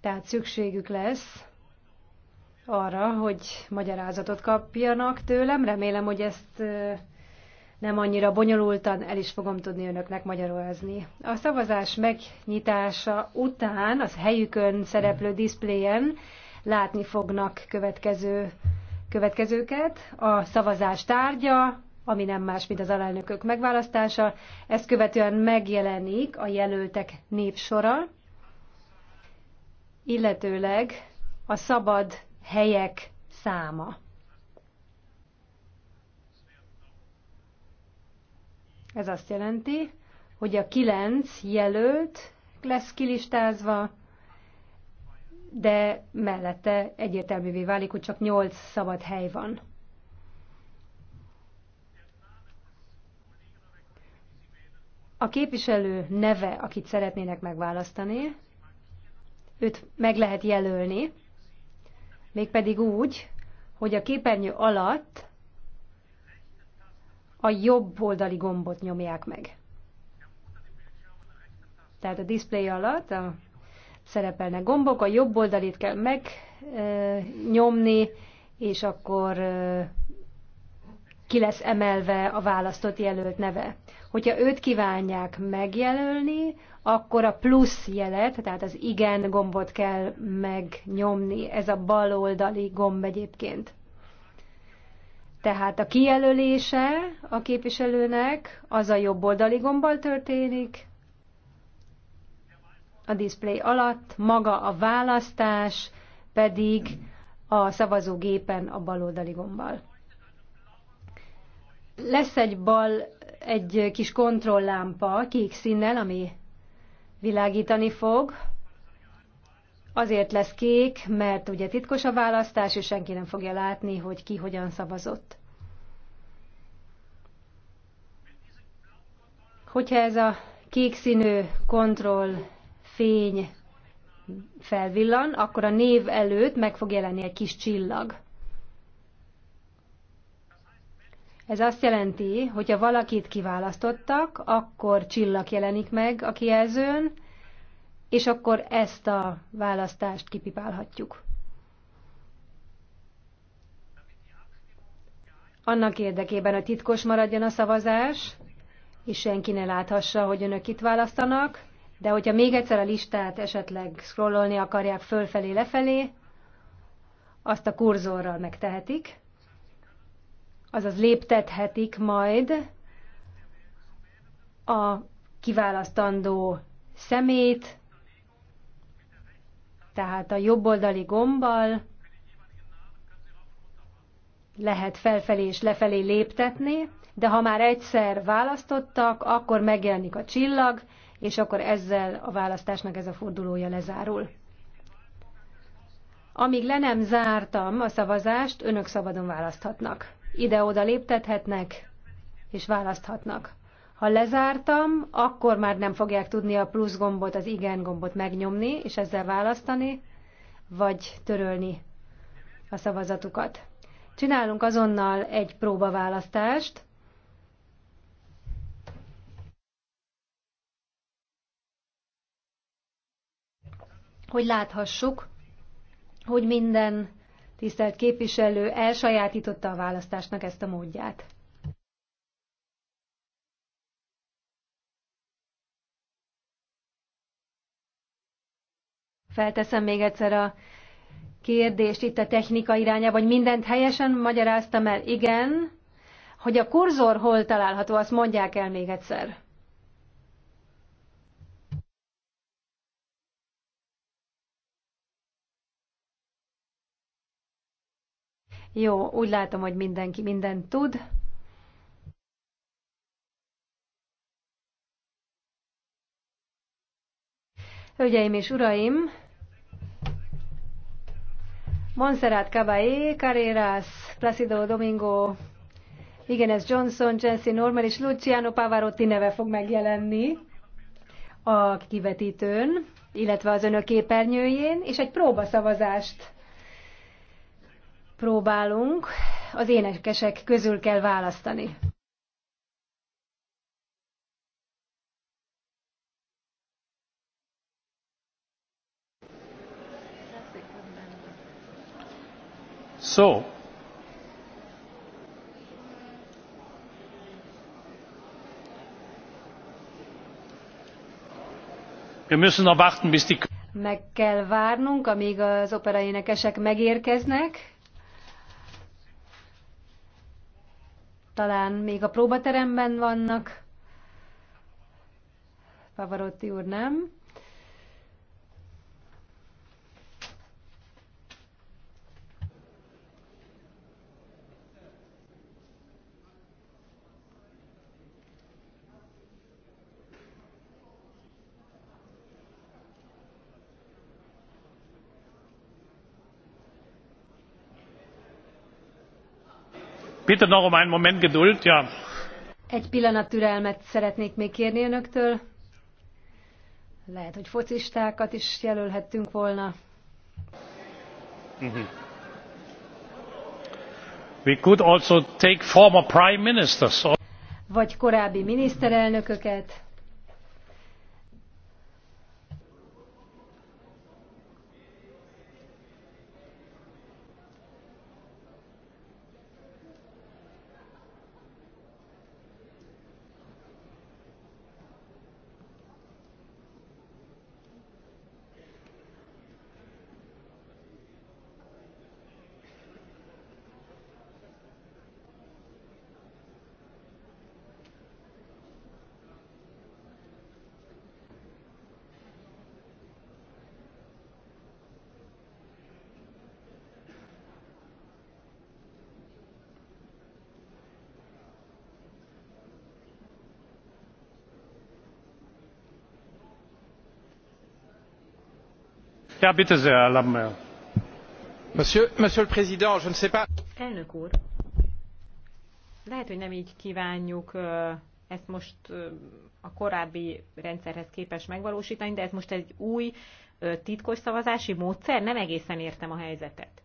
Tehát szükségük lesz arra, hogy magyarázatot kapjanak tőlem. Remélem, hogy ezt nem annyira bonyolultan el is fogom tudni önöknek magyarázni. A szavazás megnyitása után az helyükön szereplő diszpléjen látni fognak következő, következőket. A szavazás tárgya, ami nem más, mint az alelnökök megválasztása, ezt követően megjelenik a jelöltek népsora, illetőleg a szabad helyek száma. Ez azt jelenti, hogy a kilenc jelölt lesz kilistázva, de mellette egyértelművé válik, hogy csak nyolc szabad hely van. A képviselő neve, akit szeretnének megválasztani, őt meg lehet jelölni, mégpedig úgy, hogy a képernyő alatt a jobb oldali gombot nyomják meg. Tehát a display alatt a, szerepelnek gombok, a jobb oldalit kell megnyomni, és akkor ki lesz emelve a választott jelölt neve. Hogyha őt kívánják megjelölni, akkor a plusz jelet, tehát az igen gombot kell megnyomni. Ez a baloldali gomb egyébként. Tehát a kijelölése a képviselőnek az a jobb oldali gombbal történik, a display alatt, maga a választás pedig a szavazógépen a baloldali gombbal. Lesz egy bal, egy kis kontrolllámpa kék színnel, ami világítani fog. Azért lesz kék, mert ugye titkos a választás, és senki nem fogja látni, hogy ki hogyan szavazott. Hogyha ez a kék színű kontroll fény felvillan, akkor a név előtt meg fog jelenni egy kis csillag. Ez azt jelenti, hogy ha valakit kiválasztottak, akkor csillag jelenik meg a kijelzőn, és akkor ezt a választást kipipálhatjuk. Annak érdekében, hogy titkos maradjon a szavazás, és senki ne láthassa, hogy önök itt választanak, de hogyha még egyszer a listát esetleg scrollolni akarják fölfelé-lefelé, azt a kurzorral megtehetik azaz léptethetik majd a kiválasztandó szemét, tehát a jobboldali gombbal lehet felfelé és lefelé léptetni, de ha már egyszer választottak, akkor megjelenik a csillag, és akkor ezzel a választásnak ez a fordulója lezárul. Amíg le nem zártam a szavazást, önök szabadon választhatnak ide-oda léptethetnek, és választhatnak. Ha lezártam, akkor már nem fogják tudni a plusz gombot, az igen gombot megnyomni, és ezzel választani, vagy törölni a szavazatukat. Csinálunk azonnal egy próbaválasztást. Hogy láthassuk, hogy minden tisztelt képviselő elsajátította a választásnak ezt a módját. Felteszem még egyszer a kérdést itt a technika irányába, hogy mindent helyesen magyaráztam el. Igen, hogy a kurzor hol található, azt mondják el még egyszer. Jó, úgy látom, hogy mindenki mindent tud. Hölgyeim és uraim, Monserrat Caballé, Carreras, Placido Domingo, Igenes Johnson, Jesse Norman és Luciano Pavarotti neve fog megjelenni a kivetítőn, illetve az önök képernyőjén, és egy próbaszavazást próbálunk, az énekesek közül kell választani. So, wir müssen noch warten, bis die meg kell várnunk, amíg az operaénekesek megérkeznek. talán még a próbateremben vannak. Pavarotti úr nem. Bitte noch um einen Moment Geduld, ja. Egy pillanat türelmet szeretnék még kérni önöktől. Lehet, hogy focistákat is jelölhettünk volna. Mhm. We could also take former prime ministers. Vagy korábbi miniszterelnököket. monsieur le président je ne sais pas. elnök úr lehet hogy nem gy kvánjuk ezt most a korábbi rendszerhez képest megvalósítani de ez most egy új titkos szavazási módszer nem egészen értem a helyzetet.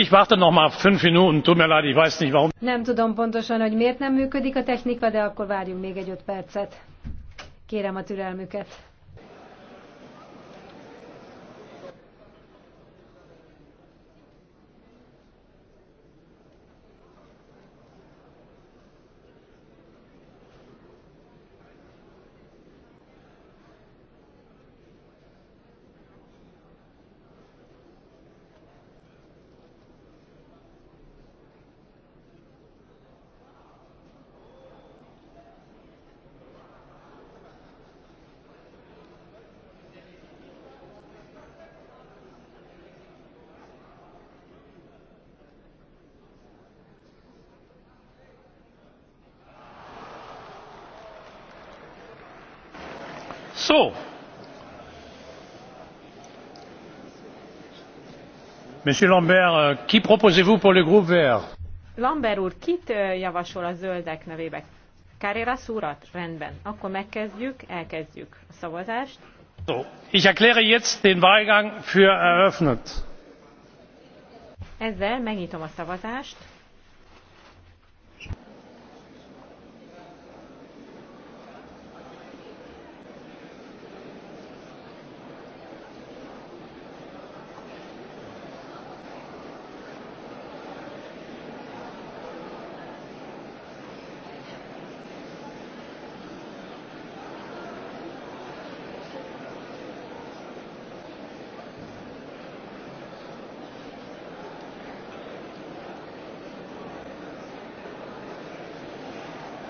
Ich warte noch mal fünf Minuten, tut mir leid, ich weiß nicht warum. Nem tudom pontosan, hogy miért nem működik a technika, de akkor várjunk még egy öt percet. Kérem a türelmüket. So. Monsieur Lambert, euh, qui proposez-vous pour le groupe vert? Lambert úr, kit euh, javasol a zöldek nevébe? Carreras urat? Rendben. Akkor megkezdjük, elkezdjük a szavazást. So. Ich erkläre jetzt den Wahlgang für eröffnet. Ezzel megnyitom a szavazást.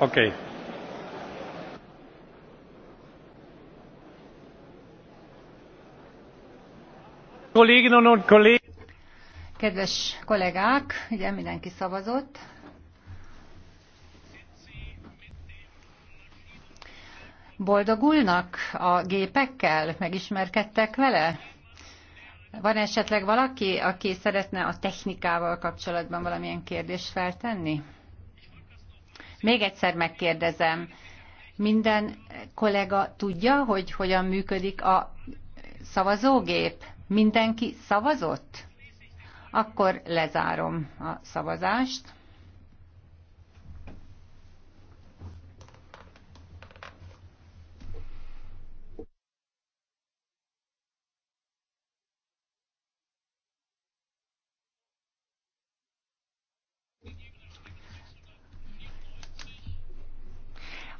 Okay. und Kedves kollégák, ugye mindenki szavazott. Boldogulnak a gépekkel? Megismerkedtek vele? Van esetleg valaki, aki szeretne a technikával kapcsolatban valamilyen kérdést feltenni? Még egyszer megkérdezem, minden kollega tudja, hogy hogyan működik a szavazógép? Mindenki szavazott? Akkor lezárom a szavazást.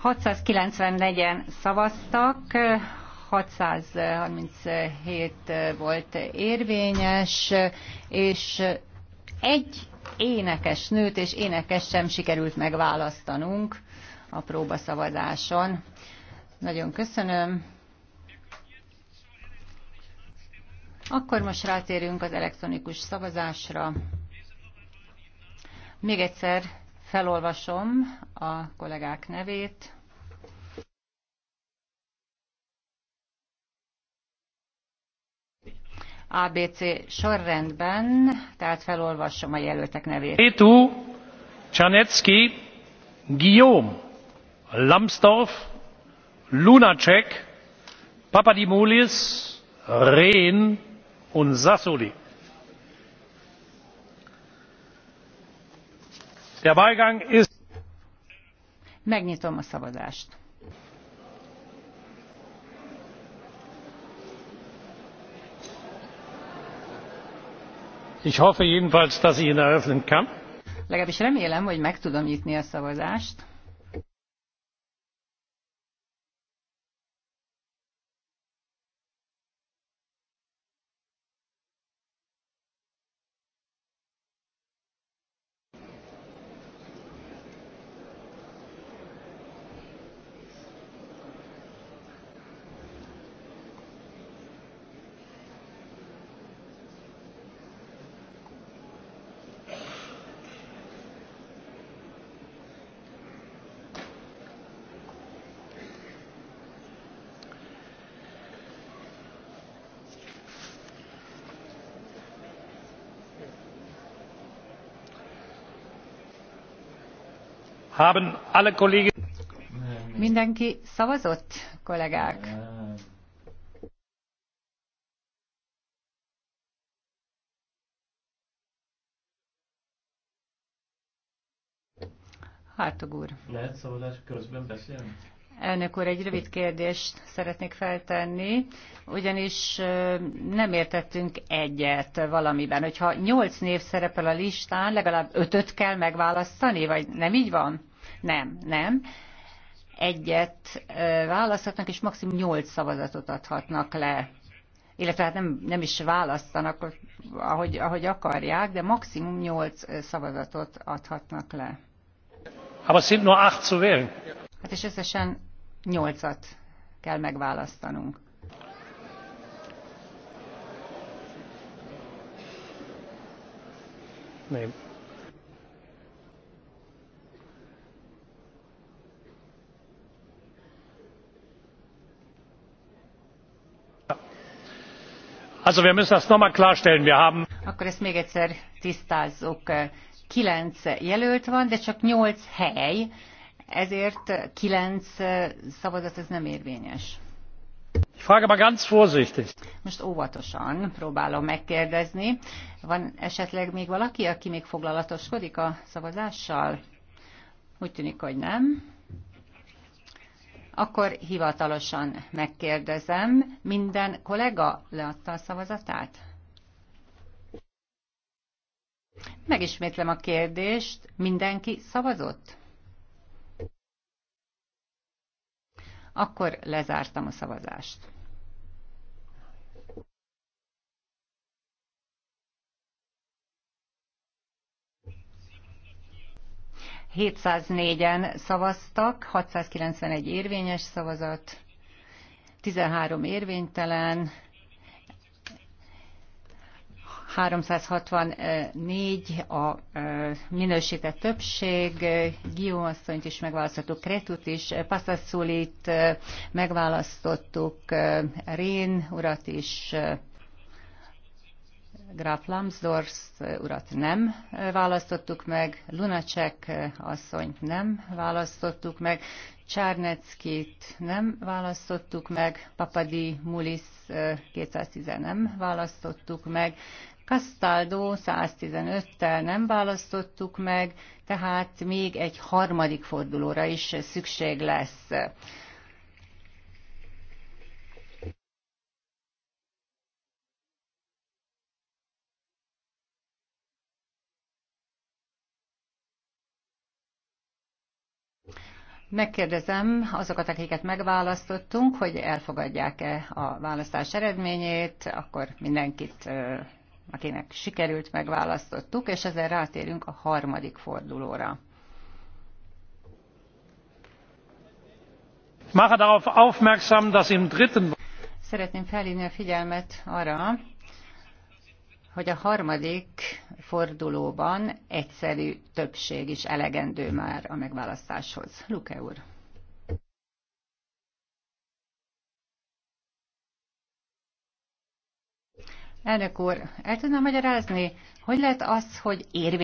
694-en szavaztak, 637 volt érvényes, és egy énekes nőt és énekes sem sikerült megválasztanunk a próbaszavazáson. Nagyon köszönöm. Akkor most rátérünk az elektronikus szavazásra. Még egyszer Felolvasom a kollégák nevét. ABC sorrendben, tehát felolvasom a jelöltek nevét. Etu, Csanecki, Guillaume, Lambsdorff, Lunacek, Papadimoulis, Rehn und Sassoli. Megnyitom a szavazást. Ich hoffe jedenfalls, dass ich ihn eröffnen kann. Legalábbis remélem, hogy meg tudom nyitni a szavazást. Haben alle Kollegen... Mindenki szavazott, kollégák? úr. Lehet szavazás közben beszélni? Elnök úr, egy rövid kérdést szeretnék feltenni, ugyanis nem értettünk egyet valamiben. Hogyha nyolc név szerepel a listán, legalább ötöt kell megválasztani, vagy nem így van? Nem, nem. Egyet választhatnak, és maximum nyolc szavazatot adhatnak le illetve hát nem, nem is választanak, ahogy, ahogy akarják, de maximum nyolc szavazatot adhatnak le. Aber sind nur zu wählen. Hát és összesen nyolcat kell megválasztanunk. Nem. Also wir müssen das nochmal klarstellen. Wir haben Akkor ezt még egyszer tisztázzuk. Kilenc jelölt van, de csak nyolc hely ezért kilenc szavazat ez nem érvényes. Most óvatosan próbálom megkérdezni. Van esetleg még valaki, aki még foglalatoskodik a szavazással? Úgy tűnik, hogy nem. Akkor hivatalosan megkérdezem, minden kollega leadta a szavazatát? Megismétlem a kérdést, mindenki szavazott? Akkor lezártam a szavazást. ...704-en szavaztak, 691 érvényes szavazat, 13 érvénytelen, 364 a minősített többség, Guillaume asszonyt is megválasztottuk, Kretut is, Pasaszulit megválasztottuk, Rén urat is, Graf Lambsdorff urat nem választottuk meg, Lunacek asszonyt nem választottuk meg, Csárneckit nem választottuk meg, Papadi Mulis 210 nem választottuk meg, Castaldo 115-tel nem választottuk meg, tehát még egy harmadik fordulóra is szükség lesz. Megkérdezem azokat, akiket megválasztottunk, hogy elfogadják-e a választás eredményét, akkor mindenkit akinek sikerült megválasztottuk, és ezzel rátérünk a harmadik fordulóra. Mache darauf aufmerksam, dass im dritten Szeretném felhívni a figyelmet arra, hogy a harmadik fordulóban egyszerű többség is elegendő már a megválasztáshoz. Luke úr. Elnök úr, el tudná magyarázni, hogy lehet az, hogy érvényt